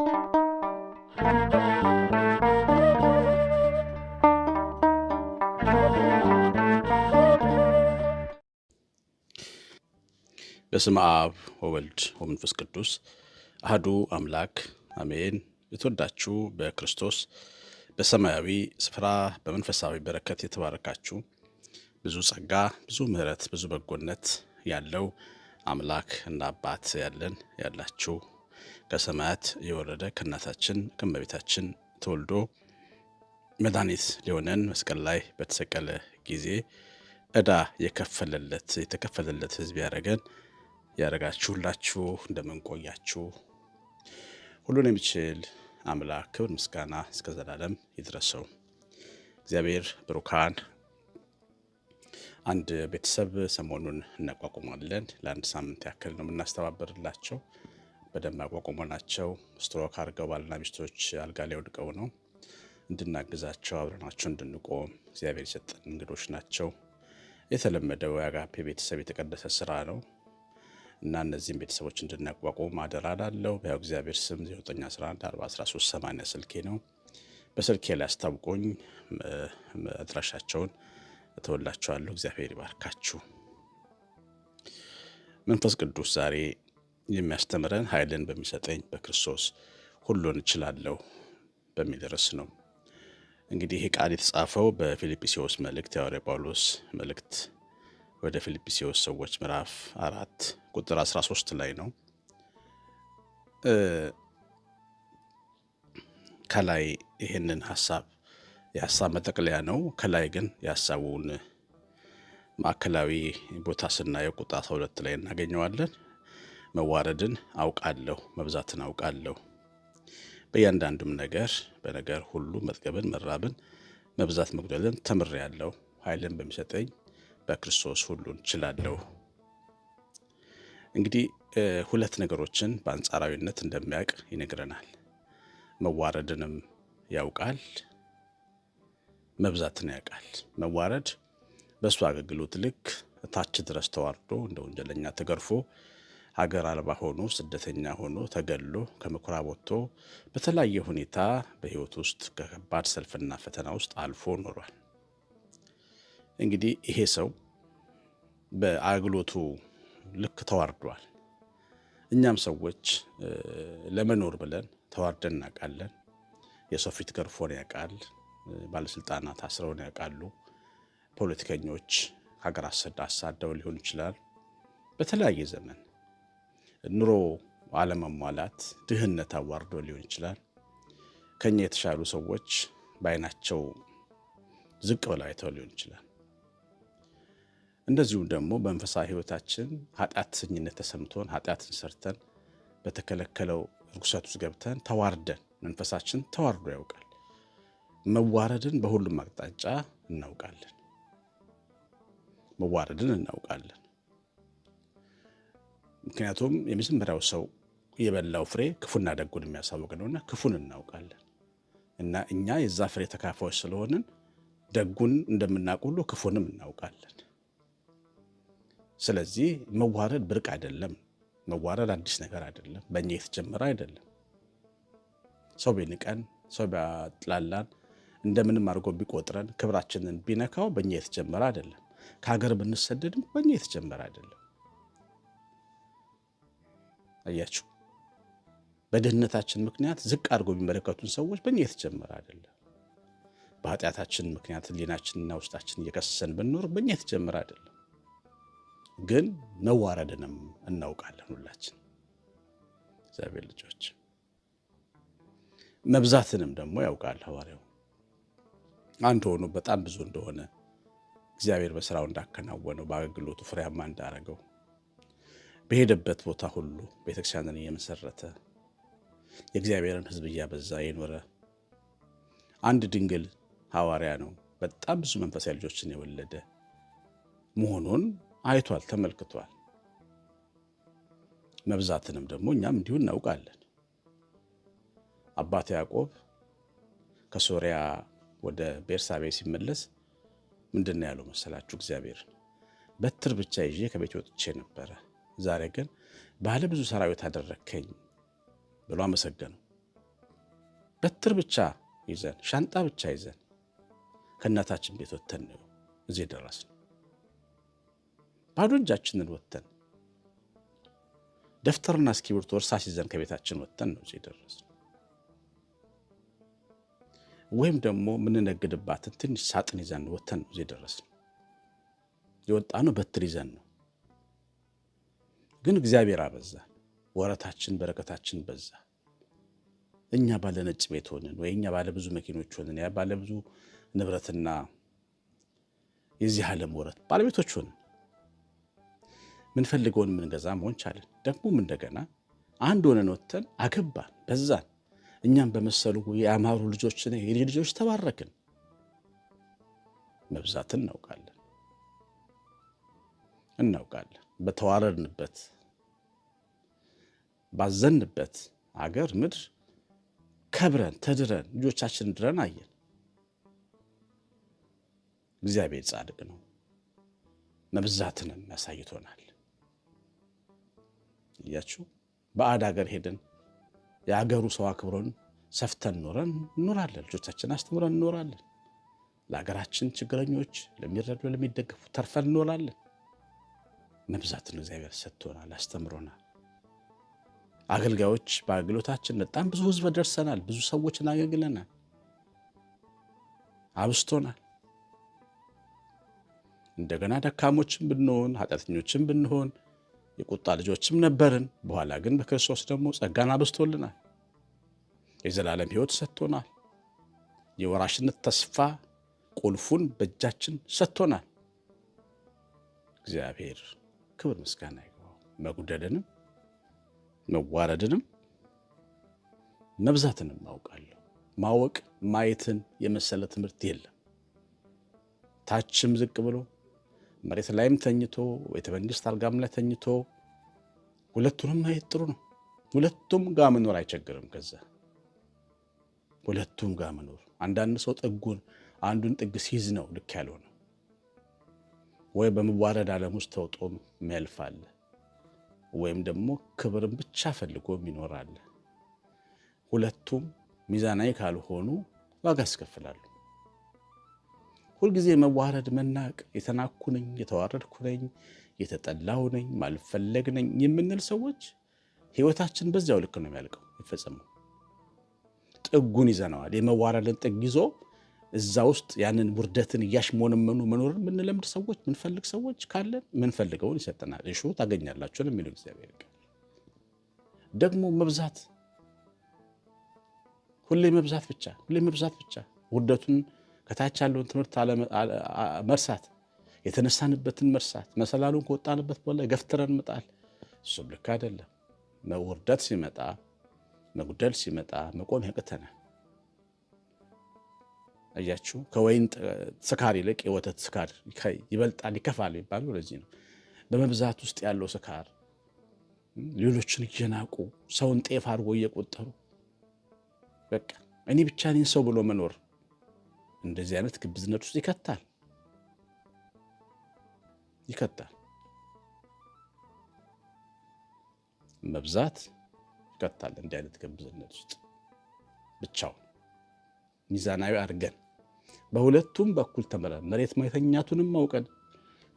በስም አብ ወወልድ ወመንፈስ ቅዱስ አህዱ አምላክ አሜን። የተወዳችሁ በክርስቶስ በሰማያዊ ስፍራ በመንፈሳዊ በረከት የተባረካችሁ ብዙ ጸጋ፣ ብዙ ምሕረት፣ ብዙ በጎነት ያለው አምላክ እና አባት ያለን ያላችሁ ከሰማያት የወረደ ከእናታችን ከመቤታችን ተወልዶ መድኃኒት ሊሆነን መስቀል ላይ በተሰቀለ ጊዜ እዳ የከፈለለት የተከፈለለት ህዝብ ያደረገን ያደረጋችሁ ሁላችሁ እንደምንቆያችሁ ሁሉን የሚችል አምላክ ክብር ምስጋና እስከ ዘላለም ይድረሰው። እግዚአብሔር ብሩካን አንድ ቤተሰብ ሰሞኑን እናቋቁማለን። ለአንድ ሳምንት ያክል ነው የምናስተባበርላቸው። በደማቅ አቋቁሞ ናቸው። ስትሮክ አድርገው ባልና ሚስቶች አልጋ ላይ ወድቀው ነው። እንድናግዛቸው አብረናቸው እንድንቆም እግዚአብሔር የሰጠን እንግዶች ናቸው። የተለመደው የአጋፔ ቤተሰብ የተቀደሰ ስራ ነው እና እነዚህም ቤተሰቦች እንድናቋቁም አደራ ላለው በያው እግዚአብሔር ስም 9114138 ስልኬ ነው። በስልኬ ላይ አስታውቆኝ አድራሻቸውን እተወላቸዋለሁ። እግዚአብሔር ይባርካችሁ። መንፈስ ቅዱስ ዛሬ የሚያስተምረን ኃይልን በሚሰጠኝ በክርስቶስ ሁሉን እችላለሁ በሚል ርዕስ ነው። እንግዲህ ይህ ቃል የተጻፈው በፊልጵስዎስ መልእክት የሐዋርያ ጳውሎስ መልእክት ወደ ፊልጵስዎስ ሰዎች ምዕራፍ አራት ቁጥር 13 ላይ ነው። ከላይ ይህንን ሀሳብ የሀሳብ መጠቅለያ ነው። ከላይ ግን የሀሳቡን ማዕከላዊ ቦታ ስናየው ቁጥር 12 ላይ እናገኘዋለን። መዋረድን አውቃለሁ፣ መብዛትን አውቃለሁ። በእያንዳንዱም ነገር በነገር ሁሉ መጥገብን፣ መራብን፣ መብዛት፣ መጉደልን ተምሬያለሁ። ኃይልን በሚሰጠኝ በክርስቶስ ሁሉን ችላለሁ እንግዲህ ሁለት ነገሮችን በአንጻራዊነት እንደሚያውቅ ይነግረናል። መዋረድንም ያውቃል፣ መብዛትን ያውቃል። መዋረድ በእሱ አገልግሎት ልክ ታች ድረስ ተዋርዶ እንደ ወንጀለኛ ተገርፎ ሀገር አልባ ሆኖ ስደተኛ ሆኖ ተገሎ ከምኩራብ ወጥቶ በተለያየ ሁኔታ በህይወት ውስጥ ከከባድ ሰልፍና ፈተና ውስጥ አልፎ ኖሯል። እንግዲህ ይሄ ሰው በአግሎቱ ልክ ተዋርዷል። እኛም ሰዎች ለመኖር ብለን ተዋርደን እናውቃለን። የሰው ፊት ገርፎን ያውቃል። ባለስልጣናት አስረውን ያውቃሉ። ፖለቲከኞች ሀገር አሳደው ሊሆን ይችላል። በተለያየ ዘመን ኑሮ አለመሟላት፣ ድህነት አዋርዶ ሊሆን ይችላል። ከኛ የተሻሉ ሰዎች በአይናቸው ዝቅ ብለው አይተው ሊሆን ይችላል። እንደዚሁም ደግሞ በመንፈሳዊ ሕይወታችን ስኝነት ተሰምቶን ኃጢአትን ሰርተን በተከለከለው ርኩሰት ውስጥ ገብተን ተዋርደን መንፈሳችን ተዋርዶ ያውቃል። መዋረድን በሁሉም አቅጣጫ እናውቃለን። መዋረድን እናውቃለን። ምክንያቱም የመጀመሪያው ሰው የበላው ፍሬ ክፉና ደጉን የሚያሳውቅ ነውና ክፉን እናውቃለን እና እኛ የዛ ፍሬ ተካፋዮች ስለሆንን ደጉን እንደምናውቅ ሁሉ ክፉንም እናውቃለን። ስለዚህ መዋረድ ብርቅ አይደለም። መዋረድ አዲስ ነገር አይደለም። በእኛ የተጀመረ አይደለም። ሰው ቢንቀን፣ ሰው ቢያጥላላን፣ እንደምንም አድርጎ ቢቆጥረን፣ ክብራችንን ቢነካው በእኛ የተጀመረ አይደለም። ከሀገር ብንሰደድም በእኛ የተጀመረ አይደለም። አያችሁ፣ በድህነታችን ምክንያት ዝቅ አድርጎ የሚመለከቱን ሰዎች በእኛ የተጀመረ አይደለም። በኃጢአታችን ምክንያት ህሊናችንና ውስጣችን እየከሰሰን ብንኖር በእኛ የተጀመረ አይደለም። ግን መዋረድንም እናውቃለን ሁላችን እግዚአብሔር ልጆች። መብዛትንም ደግሞ ያውቃል ሐዋርያው አንድ ሆኖ በጣም ብዙ እንደሆነ እግዚአብሔር በስራው እንዳከናወነው በአገልግሎቱ ፍሬያማ እንዳረገው በሄደበት ቦታ ሁሉ ቤተክርስቲያንን እየመሰረተ የእግዚአብሔርን ሕዝብ እያበዛ የኖረ አንድ ድንግል ሐዋርያ ነው። በጣም ብዙ መንፈሳዊ ልጆችን የወለደ መሆኑን አይቷል፣ ተመልክቷል። መብዛትንም ደግሞ እኛም እንዲሁ እናውቃለን። አባት ያዕቆብ ከሶሪያ ወደ ቤርሳቤ ሲመለስ ምንድን ነው ያለው መሰላችሁ? እግዚአብሔር በትር ብቻ ይዤ ከቤት ወጥቼ ነበረ ዛሬ ግን ባለ ብዙ ሰራዊት አደረግከኝ ብሎ አመሰገኑ። በትር ብቻ ይዘን ሻንጣ ብቻ ይዘን ከእናታችን ቤት ወተን ነው እዚህ ደረስን። ባዶ እጃችንን ወተን ደብተርና እስክሪብቶ እርሳስ ይዘን ከቤታችን ወተን ነው እዚህ ደረስን። ወይም ደግሞ የምንነግድባትን ትንሽ ሳጥን ይዘን ወተን ነው እዚህ ደረስን። የወጣ ነው በትር ይዘን ነው ግን እግዚአብሔር አበዛ፣ ወረታችን በረከታችን በዛ። እኛ ባለ ነጭ ቤት ሆንን ወይ እኛ ባለ ብዙ መኪኖች ሆንን፣ ያ ባለ ብዙ ንብረትና የዚህ ዓለም ወረት ባለቤቶች ሆንን። ምንፈልገውን ምንገዛ መሆን ቻለን። ደግሞም እንደገና አንድ ሆነን ወጥተን አገባን፣ በዛን። እኛም በመሰሉ የአማሩ ልጆች የልጅ ልጆች ተባረክን። መብዛትን እናውቃለን እናውቃለን በተዋረድንበት ባዘንበት አገር ምድር ከብረን ተድረን ልጆቻችንን ድረን አየን። እግዚአብሔር ጻድቅ ነው፣ መብዛትንም ያሳይቶናል። እያችሁ በአድ ሀገር ሄደን የአገሩ ሰው አክብሮን ሰፍተን ኖረን እኖራለን። ልጆቻችን አስተምረን እኖራለን ለሀገራችን ችግረኞች፣ ለሚረዱ፣ ለሚደገፉ ተርፈን እኖራለን። ነው። እግዚአብሔር ሰጥቶናል፣ አስተምሮናል። አገልጋዮች በአገልግሎታችን በጣም ብዙ ህዝብ ደርሰናል፣ ብዙ ሰዎች አገልግለናል፣ አብስቶናል። እንደገና ደካሞችን ብንሆን ኃጢአተኞችን ብንሆን የቁጣ ልጆችም ነበርን። በኋላ ግን በክርስቶስ ደግሞ ጸጋን አብስቶልናል፣ የዘላለም ህይወት ሰጥቶናል። የወራሽነት ተስፋ ቁልፉን በእጃችን ሰጥቶናል እግዚአብሔር ክብር ምስጋና ይግባው። መጉደልንም መዋረድንም መብዛትንም ማውቃለሁ። ማወቅ ማየትን የመሰለ ትምህርት የለም። ታችም ዝቅ ብሎ መሬት ላይም ተኝቶ ቤተ መንግስት አልጋም ላይ ተኝቶ ሁለቱንም ማየት ጥሩ ነው። ሁለቱም ጋር መኖር አይቸግርም። ከዛ ሁለቱም ጋር መኖር አንዳንድ ሰው ጥጉን አንዱን ጥግ ሲይዝ ነው ልክ ያልሆነ ወይም በመዋረድ ዓለም ውስጥ ተውጦም ሚያልፍ አለ። ወይም ደግሞ ክብርን ብቻ ፈልጎ ይኖራል። ሁለቱም ሚዛናዊ ካልሆኑ ዋጋ ያስከፍላሉ። ሁልጊዜ መዋረድ፣ መናቅ፣ የተናኩ ነኝ፣ የተዋረድኩ ነኝ፣ የተጠላው ነኝ፣ ማልፈለግ ነኝ የምንል ሰዎች ህይወታችን በዚያው ልክ ነው የሚያልቀው፣ ይፈጸመው ጥጉን ይዘነዋል። የመዋረድን ጥግ ይዞ እዛ ውስጥ ያንን ውርደትን እያሽሞነመኑ መኖርን ምንለምድ ሰዎች ምንፈልግ ሰዎች ካለን ምንፈልገውን ይሰጠናል። እሹ ታገኛላችሁ የሚለው እግዚአብሔር ቃል ደግሞ መብዛት፣ ሁሌ መብዛት ብቻ ሁሌ መብዛት ብቻ ውርደቱን ከታች ያለውን ትምህርት መርሳት፣ የተነሳንበትን መርሳት፣ መሰላሉን ከወጣንበት በኋላ ገፍትረን መጣል፣ እሱም ልክ አይደለም። ውርደት ሲመጣ መጉደል ሲመጣ መቆም ያቅተናል። አያችሁ ከወይን ስካር ይልቅ የወተት ስካር ይበልጣል፣ ይከፋል ይባሉ። ለዚህ ነው በመብዛት ውስጥ ያለው ስካር ሌሎችን እየናቁ ሰውን ጤፍ አድርጎ እየቆጠሩ በቃ እኔ ብቻ እኔን ሰው ብሎ መኖር እንደዚህ አይነት ግብዝነት ውስጥ ይከታል ይከታል። መብዛት ይከታል እንዲህ አይነት ግብዝነት ውስጥ ብቻው ሚዛናዊ አድርገን በሁለቱም በኩል ተመላል መሬት መተኛቱንም ማውቀን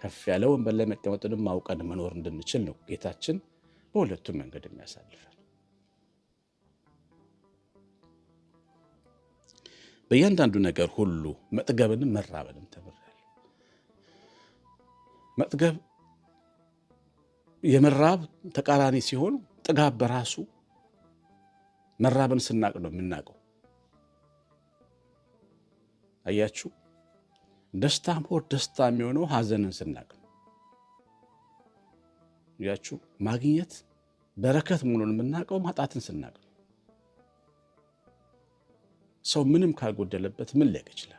ከፍ ያለ ወንበር ላይ መቀመጡንም ማውቀን መኖር እንድንችል ነው ጌታችን በሁለቱም መንገድ የሚያሳልፈን። በእያንዳንዱ ነገር ሁሉ መጥገብንም መራበንም ተምሬያለሁ። መጥገብ የመራብ ተቃራኒ ሲሆን ጥጋብ በራሱ መራብን ስናቅ ነው የምናውቀው። አያችሁ፣ ደስታ ሞር ደስታ የሚሆነው ሀዘንን ስናቅ ያችሁ ማግኘት በረከት መሆኑን የምናውቀው ማጣትን ስናቅ ሰው ምንም ካልጎደለበት ምን ሊያቅ ይችላል?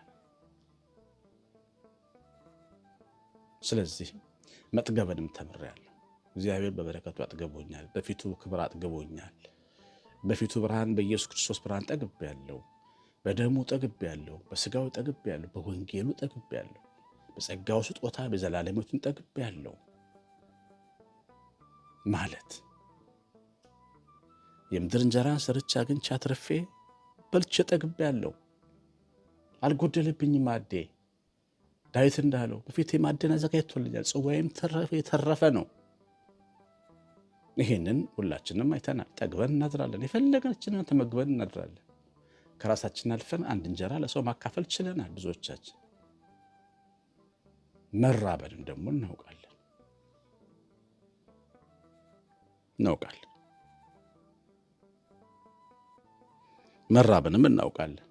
ስለዚህ መጥገበንም ተምሬያለሁ። እግዚአብሔር በበረከቱ አጥገቦኛል። በፊቱ ክብር አጥገቦኛል። በፊቱ ብርሃን በኢየሱስ ክርስቶስ ብርሃን ጠግቤያለሁ። በደሙ ጠግብ ያለው በስጋው ጠግብ ያለው በወንጌሉ ጠግብ ያለው በጸጋው ስጦታ በዘላለሞቱን ጠግብ ያለው ማለት የምድር እንጀራ ስርቻ አግኝቼ አትርፌ በልቼ ጠግብ ያለው አልጎደለብኝም። ማዴ ዳዊት እንዳለው በፊቴ ማደን አዘጋጅቶልኛል፣ ጽዋዬም የተረፈ ነው። ይህንን ሁላችንም አይተናል። ጠግበን እናድራለን። የፈለገችንን ተመግበን እናድራለን። ከራሳችን አልፈን አንድ እንጀራ ለሰው ማካፈል ችለናል። ብዙዎቻችን መራበንም ደግሞ እናውቃለን እናውቃለን መራብንም እናውቃለን።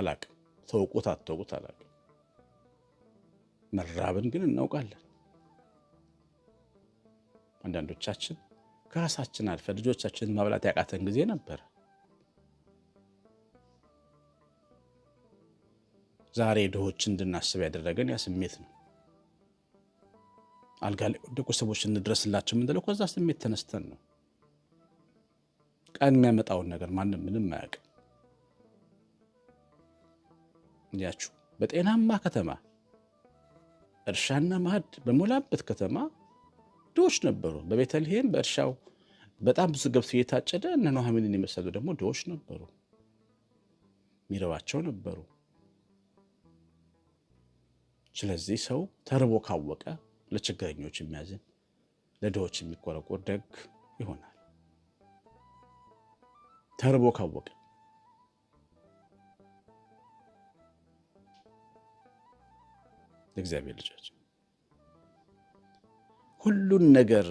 አላቅም ተውቁት አተውቁት አላቅም። መራብን ግን እናውቃለን። አንዳንዶቻችን ከራሳችን አልፈን ልጆቻችንን ማብላት ያቃተን ጊዜ ነበረ። ዛሬ ድሆች እንድናስብ ያደረገን ያ ስሜት ነው። አልጋ ላይ ወደቁ ሰዎች እንድረስላቸው የምንለው ከዛ ስሜት ተነስተን ነው። ቀን የሚያመጣውን ነገር ማንም ምንም አያውቅም። እንዲያችሁ በጤናማ ከተማ እርሻና ማዕድ በሞላበት ከተማ ድሆች ነበሩ። በቤተልሔም በእርሻው በጣም ብዙ ገብስ እየታጨደ እነ ኑኃሚንን የመሰሉ ደግሞ ድሆች ነበሩ፣ ሚረባቸው ነበሩ። ስለዚህ ሰው ተርቦ ካወቀ ለችግረኞች የሚያዝን ለድሆች የሚቆረቆር ደግ ይሆናል። ተርቦ ካወቀ እግዚአብሔር ልጆች ሁሉን ነገር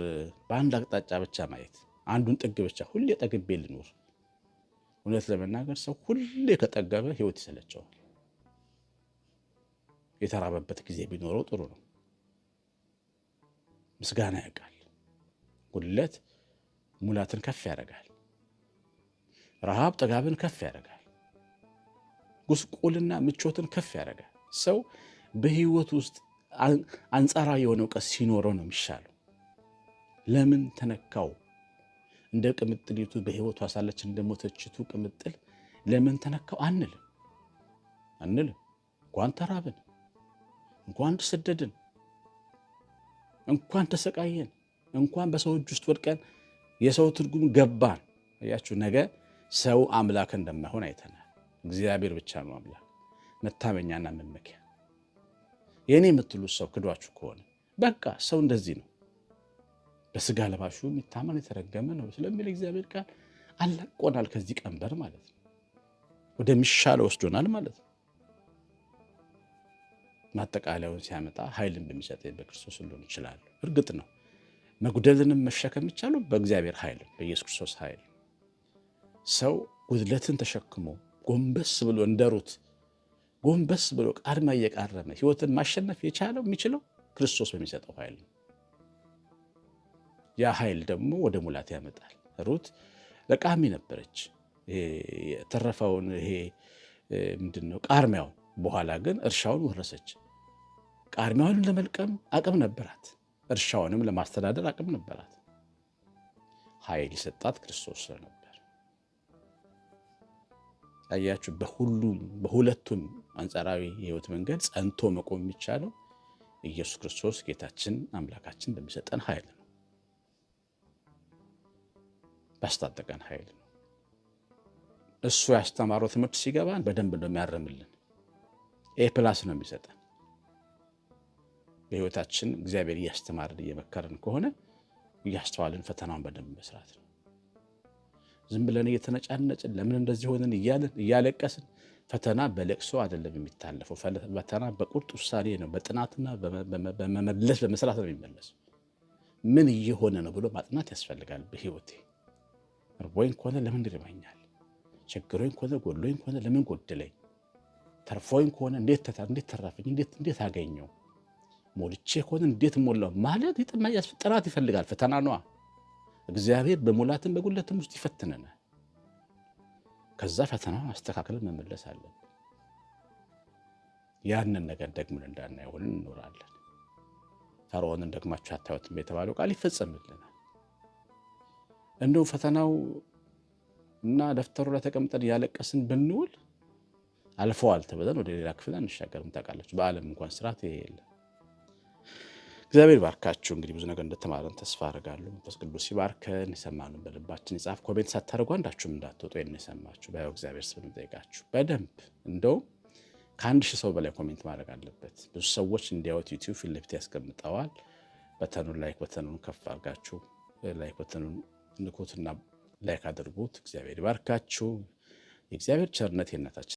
በአንድ አቅጣጫ ብቻ ማየት፣ አንዱን ጥግ ብቻ ሁሌ ጠግቤ ልኖር። እውነት ለመናገር ሰው ሁሌ ከጠገበ ህይወት ይሰለቸዋል። የተራበበት ጊዜ ቢኖረው ጥሩ ነው። ምስጋና ያውቃል። ጉድለት ሙላትን ከፍ ያደርጋል። ረሃብ ጥጋብን ከፍ ያደርጋል። ጉስቁልና ምቾትን ከፍ ያደርጋል። ሰው በህይወት ውስጥ አንጻራዊ የሆነ እውቀት ሲኖረው ነው የሚሻለው። ለምን ተነካው? እንደ ቅምጥሊቱ አሳለች እንደ ሞተችቱ ቅምጥል ለምን ተነካው አንልም አንልም። ጓን ተራብን እንኳን ተሰደድን፣ እንኳን ተሰቃየን፣ እንኳን በሰው እጅ ውስጥ ወድቀን የሰው ትርጉም ገባን። እያችሁ ነገ ሰው አምላክ እንደማይሆን አይተናል። እግዚአብሔር ብቻ ነው አምላክ መታመኛና መመኪያ። የእኔ የምትሉት ሰው ክዷችሁ ከሆነ በቃ ሰው እንደዚህ ነው፣ በስጋ ለባሹ የሚታመን የተረገመ ነው ስለሚል እግዚአብሔር ቃል አላቆናል። ከዚህ ቀንበር ማለት ነው፣ ወደሚሻለ ወስዶናል ማለት ነው። ማጠቃለያውን ሲያመጣ ኃይል እንደሚሰጠኝ በክርስቶስ ሁሉን ይችላል እርግጥ ነው መጉደልንም መሸከም ይቻሉ በእግዚአብሔር ኃይል በኢየሱስ ክርስቶስ ኃይል። ሰው ጉድለትን ተሸክሞ ጎንበስ ብሎ እንደ ሩት ጎንበስ ብሎ ቃድማ እየቃረመ ህይወትን ማሸነፍ የቻለው የሚችለው ክርስቶስ በሚሰጠው ኃይል ነው። ያ ኃይል ደግሞ ወደ ሙላት ያመጣል። ሩት ለቃሚ ነበረች፣ የተረፈውን ይሄ ምንድነው ቃርሚያው። በኋላ ግን እርሻውን ወረሰች። ቃርሚያዋንም ለመልቀም አቅም ነበራት፣ እርሻውንም ለማስተዳደር አቅም ነበራት። ኃይል የሰጣት ክርስቶስ ስለነበር ያያችሁ። በሁሉም በሁለቱም አንጻራዊ የህይወት መንገድ ጸንቶ መቆም የሚቻለው ኢየሱስ ክርስቶስ ጌታችን አምላካችን በሚሰጠን ኃይል ነው፣ ባስታጠቀን ኃይል ነው። እሱ ያስተማረው ትምህርት ሲገባን በደንብ ነው የሚያርምልን። ኤ ፕላስ ነው የሚሰጠን በህይወታችን እግዚአብሔር እያስተማርን እየመከረን ከሆነ እያስተዋልን ፈተናውን በደንብ መስራት ነው። ዝም ብለን እየተነጫነጭን ለምን እንደዚህ ሆነን እያለቀስን ፈተና በለቅሶ አይደለም የሚታለፈው። ፈተና በቁርጥ ውሳኔ ነው፣ በጥናትና በመመለስ በመስራት ነው የሚመለስ። ምን እየሆነ ነው ብሎ ማጥናት ያስፈልጋል። በህይወቴ እርቦኝ ከሆነ ለምን ይርበኛል? ችግሮኝ ከሆነ ጎሎኝ ከሆነ ለምን ጎድለኝ? ተርፎኝ ከሆነ እንዴት ተረፈኝ? እንዴት አገኘው? ሞልቼ ከሆነ እንዴት ሞላው ማለት ጥናት ይፈልጋል። ፈተና ነዋ። እግዚአብሔር በሙላትም በጉለትም ውስጥ ይፈትነናል። ከዛ ፈተናውን አስተካክለን መመለስ አለን። ያንን ነገር ደግመን እንዳናየሆን እንኖራለን። ፈርዖንን ደግማችሁ አታዩትም የተባለው ቃል ይፈጸምልናል። እንደው ፈተናው እና ደብተሩ ላይ ተቀምጠን ያለቀስን ብንውል አልፈዋል ተብለን ወደ ሌላ ክፍል አንሻገርም። ታውቃለች በዓለም እንኳን ስርዓት ይሄ የለም። እግዚአብሔር ባርካችሁ። እንግዲህ ብዙ ነገር እንደተማረን ተስፋ አደርጋለሁ። መንፈስ ቅዱስ ይባርከን። የሰማነውን በልባችን ይጻፍ። ኮሜንት ሳታደርጉ አንዳችሁም እንዳትወጡ። ይህን የሰማችሁ በሕያው እግዚአብሔር ስም እንጠይቃችሁ። በደንብ እንደው ከአንድ ሺህ ሰው በላይ ኮሜንት ማድረግ አለበት። ብዙ ሰዎች እንዲያዩት ዩቲዩብ ፊት ለፊት ያስቀምጠዋል። በተኑን ላይክ በተኑን ከፍ አድርጋችሁ ላይክ በተኑን ንኩትና ላይክ አድርጉት። እግዚአብሔር ይባርካችሁ። የእግዚአብሔር ቸርነት የእናታችን